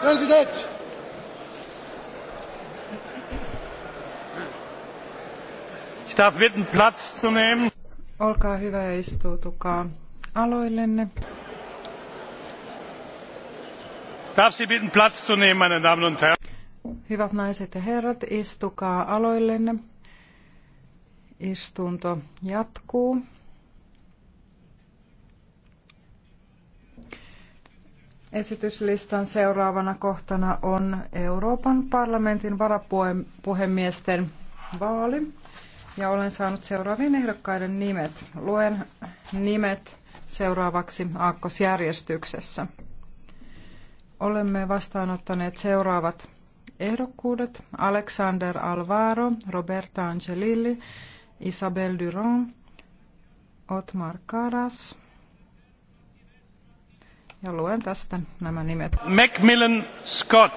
President! Ich darf bitten, Platz zu nehmen. Olkaa hyvä ja istuutukaa aloillenne. Darf Sie bitten, Platz zu nehmen, meine Damen und Herren. Hyvät naiset ja herrat, istukaa aloillenne. Istunto jatkuu. Esityslistan seuraavana kohtana on Euroopan parlamentin varapuhemiesten vaali. Ja olen saanut seuraavien ehdokkaiden nimet. Luen nimet seuraavaksi aakkosjärjestyksessä. Olemme vastaanottaneet seuraavat ehdokkuudet. Alexander Alvaro, Roberta Angelilli, Isabel Durand, Otmar Karas, ja luen tästä nämä nimet. Macmillan Scott,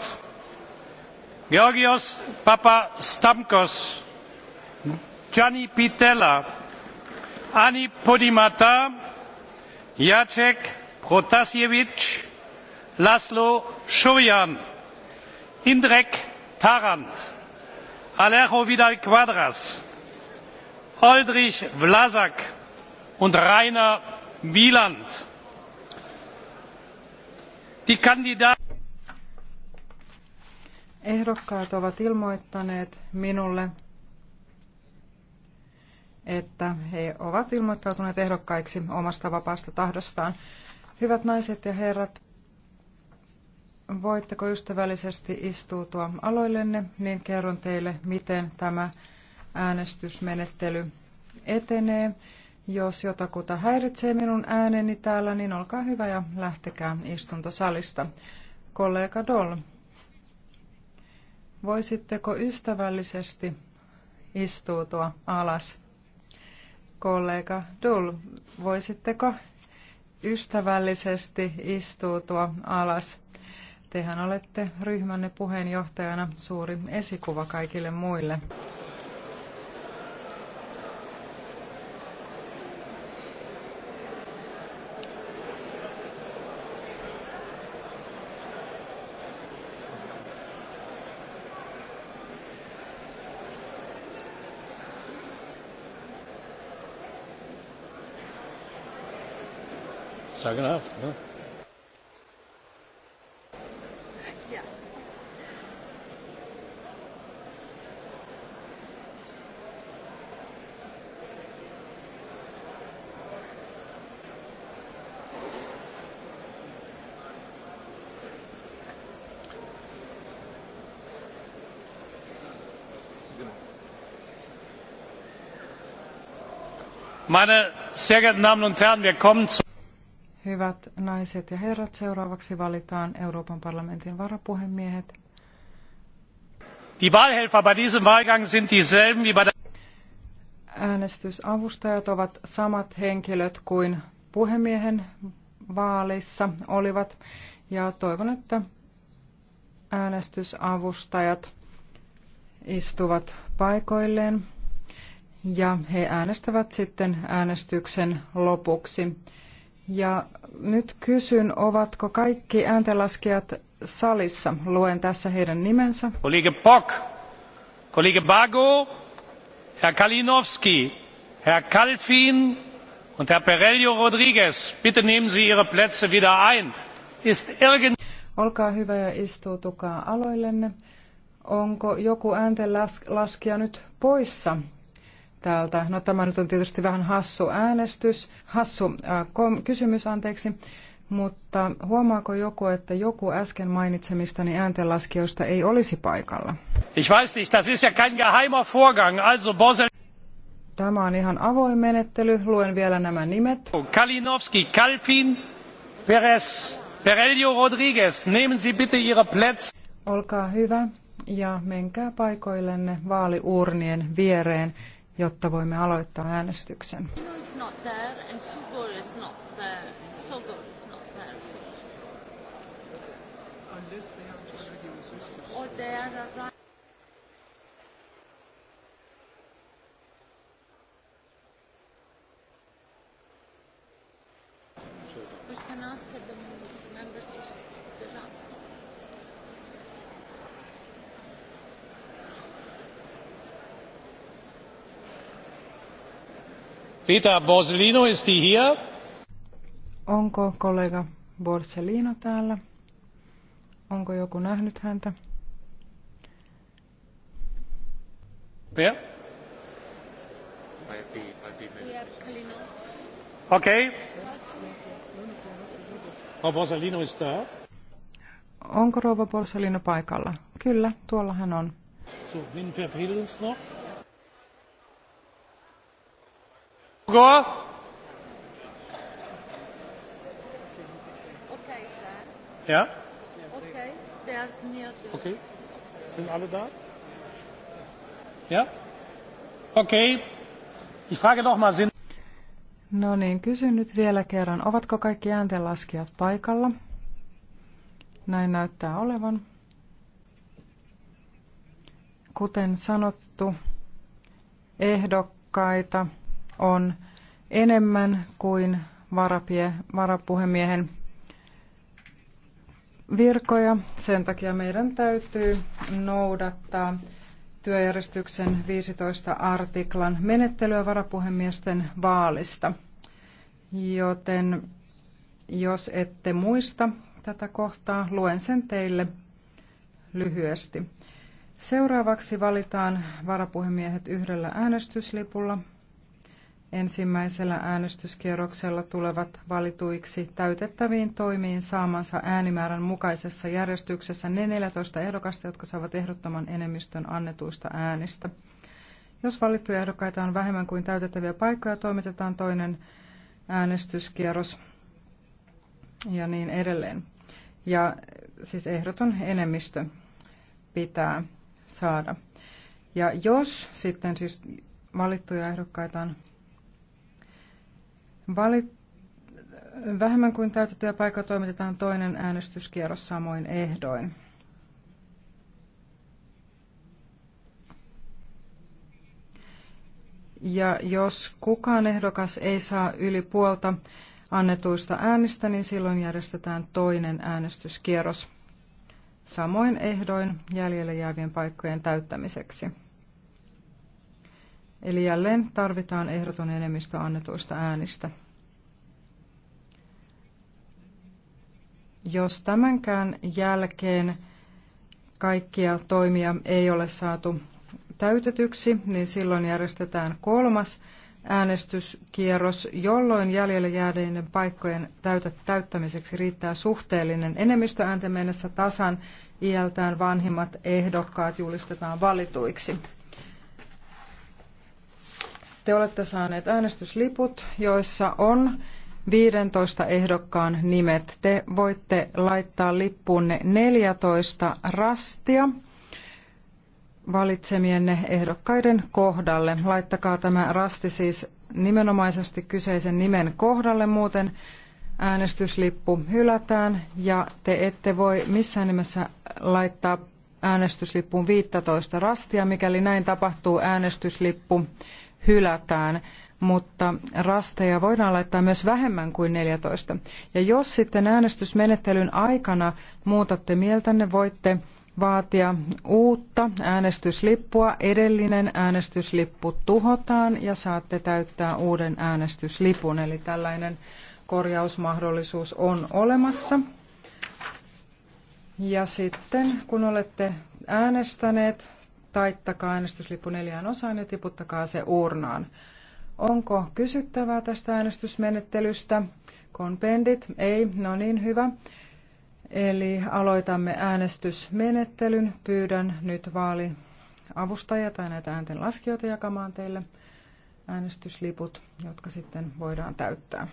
Georgios Papa Stamkos, Gianni Pitella, Ani Podimata, Jacek Protasiewicz, Laszlo Surjan, Indrek Tarand, Alejo Vidal Quadras, Oldrich Vlasak und Rainer Wieland Ehdokkaat ovat ilmoittaneet minulle, että he ovat ilmoittautuneet ehdokkaiksi omasta vapaasta tahdostaan. Hyvät naiset ja herrat, voitteko ystävällisesti istuutua aloillenne, niin kerron teille, miten tämä äänestysmenettely etenee. Jos jotakuta häiritsee minun ääneni täällä, niin olkaa hyvä ja lähtekää istuntosalista. Kollega Doll, voisitteko ystävällisesti istuutua alas? Kollega Doll, voisitteko ystävällisesti istuutua alas? Tehän olette ryhmänne puheenjohtajana suuri esikuva kaikille muille. sagenhaft. Ne? Ja. Meine sehr geehrten Damen und Herren, wir kommen zu Hyvät naiset ja herrat, seuraavaksi valitaan Euroopan parlamentin varapuhemiehet. Die Wahlhelfer bei diesem Wahlgang sind dieselben wie bei der Äänestysavustajat ovat samat henkilöt kuin puhemiehen vaalissa olivat ja toivon, että äänestysavustajat istuvat paikoilleen ja he äänestävät sitten äänestyksen lopuksi. Ja nyt kysyn, ovatko kaikki ääntenlaskijat salissa? Luen tässä heidän nimensä. Kollege Pock, kollege Bago, Herr Kalinowski, Herr Kalfin und Herr Perello Rodriguez. Bitte nehmen Sie Ihre Plätze wieder ein. Ist irgend... Olkaa hyvä ja istuutukaa aloillenne. Onko joku ääntenlaskija nyt poissa? täältä. No tämä nyt on tietysti vähän hassu äänestys, hassu äh, kom, kysymys, anteeksi. Mutta huomaako joku, että joku äsken mainitsemistani ääntenlaskijoista ei olisi paikalla? Ich weiß nicht, das ist ja kein geheimer Vorgang. Also Bosel... Tämä on ihan avoin menettely. Luen vielä nämä nimet. Kalinowski, Kalfin, Perez, Perelio Rodriguez, nehmen Sie bitte Ihre Plätze. Olkaa hyvä ja menkää paikoillenne vaaliurnien viereen jotta voimme aloittaa äänestyksen. Peter Borsellino, is he here? Onko kollega Borsellino täällä? Onko joku nähnyt häntä? Wer? Okay. Frau Borsellino ist da. Onko rouva Borsellino paikalla? Kyllä, tuolla hän on. So, wen verfehlt uns noch? Go. Okay, ja? Okay, der near Okay. Sind alle da? Ja? Okay. Ich frage noch mal, sind... No niin, kysyn nyt vielä kerran. Ovatko kaikki ääntenlaskijat paikalla? Näin näyttää olevan. Kuten sanottu, ehdokkaita on enemmän kuin varapie, varapuhemiehen virkoja. Sen takia meidän täytyy noudattaa työjärjestyksen 15 artiklan menettelyä varapuhemiesten vaalista. Joten jos ette muista tätä kohtaa, luen sen teille lyhyesti. Seuraavaksi valitaan varapuhemiehet yhdellä äänestyslipulla ensimmäisellä äänestyskierroksella tulevat valituiksi täytettäviin toimiin saamansa äänimäärän mukaisessa järjestyksessä ne 14 ehdokasta, jotka saavat ehdottoman enemmistön annetuista äänistä. Jos valittuja ehdokkaita on vähemmän kuin täytettäviä paikkoja, toimitetaan toinen äänestyskierros ja niin edelleen. Ja siis ehdoton enemmistö pitää saada. Ja jos sitten siis valittuja ehdokkaita on Valit, vähemmän kuin täytettyjä paikkoja toimitetaan toinen äänestyskierros samoin ehdoin. Ja jos kukaan ehdokas ei saa yli puolta annetuista äänistä, niin silloin järjestetään toinen äänestyskierros samoin ehdoin jäljelle jäävien paikkojen täyttämiseksi. Eli jälleen tarvitaan ehdoton enemmistö annetuista äänistä. Jos tämänkään jälkeen kaikkia toimia ei ole saatu täytetyksi, niin silloin järjestetään kolmas äänestyskierros, jolloin jäljelle jääneiden paikkojen täyttämiseksi riittää suhteellinen enemmistö äänten mennessä tasan iältään vanhimmat ehdokkaat julistetaan valituiksi. Te olette saaneet äänestysliput, joissa on 15 ehdokkaan nimet. Te voitte laittaa lippuunne 14 rastia valitsemienne ehdokkaiden kohdalle. Laittakaa tämä rasti siis nimenomaisesti kyseisen nimen kohdalle, muuten äänestyslippu hylätään ja te ette voi missään nimessä laittaa äänestyslippuun 15 rastia. Mikäli näin tapahtuu, äänestyslippu hylätään, mutta rasteja voidaan laittaa myös vähemmän kuin 14. Ja jos sitten äänestysmenettelyn aikana muutatte mieltänne, voitte vaatia uutta äänestyslippua. Edellinen äänestyslippu tuhotaan ja saatte täyttää uuden äänestyslipun. Eli tällainen korjausmahdollisuus on olemassa. Ja sitten kun olette äänestäneet, taittakaa äänestyslippu neljään osaan ja tiputtakaa se urnaan. Onko kysyttävää tästä äänestysmenettelystä? Konpendit? Ei, no niin hyvä. Eli aloitamme äänestysmenettelyn. Pyydän nyt vaaliavustajia tai näitä äänten laskijoita jakamaan teille äänestysliput, jotka sitten voidaan täyttää.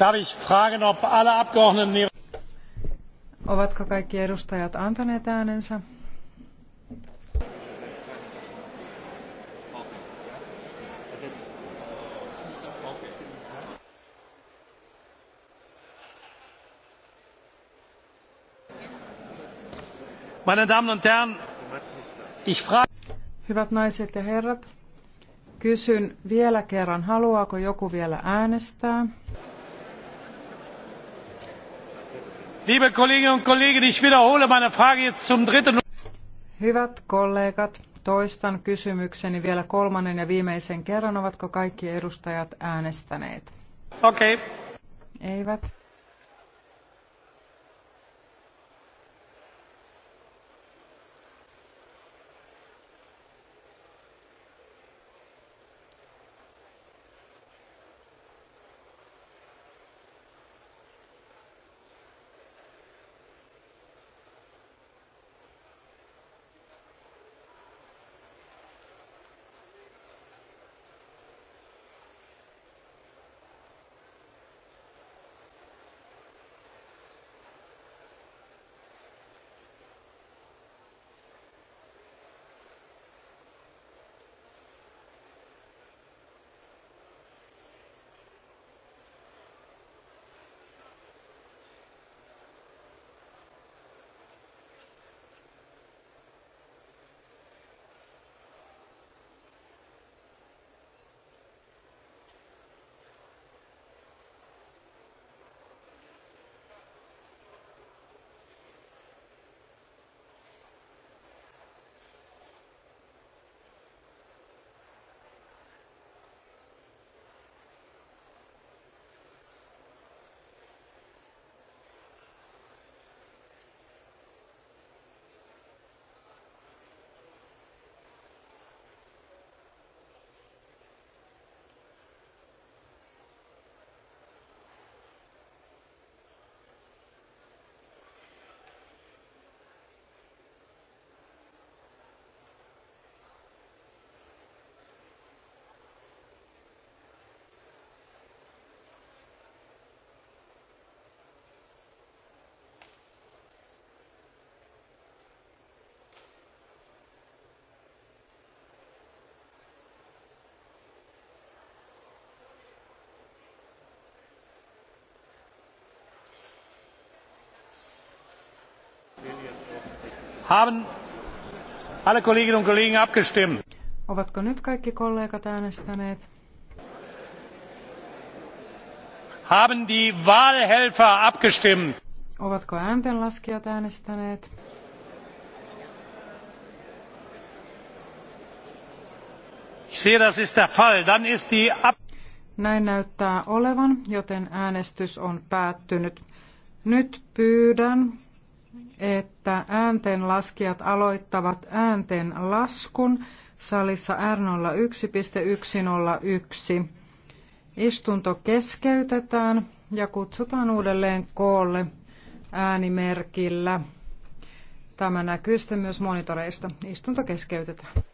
Darf ich fragen, ob alle Abgeordneten Ovatko kaikki edustajat antaneet äänensä? Meine Damen und Herren, ich frage... Hyvät naiset ja herrat, kysyn vielä kerran, haluaako joku vielä äänestää? Liebe Kolleginnen und Kollegen, ich wiederhole meine Frage jetzt zum dritten. Hyvät kollegat, toistan kysymykseni vielä kolmannen ja viimeisen kerran. Ovatko kaikki edustajat äänestäneet? Okei. Okay. Eivät. Ovatko nyt kaikki kollegat äänestäneet? Haben die Wahlhelfer abgestimmt? Ovatko ääntenlaskijat äänestäneet? Ich sehe, das ist der Fall. Dann ist die Ab näin näyttää olevan, joten äänestys on päättynyt. Nyt pyydän että ääntenlaskijat aloittavat äänten laskun salissa R01.101. Istunto keskeytetään ja kutsutaan uudelleen koolle äänimerkillä. Tämä näkyy sitten myös monitoreista. Istunto keskeytetään.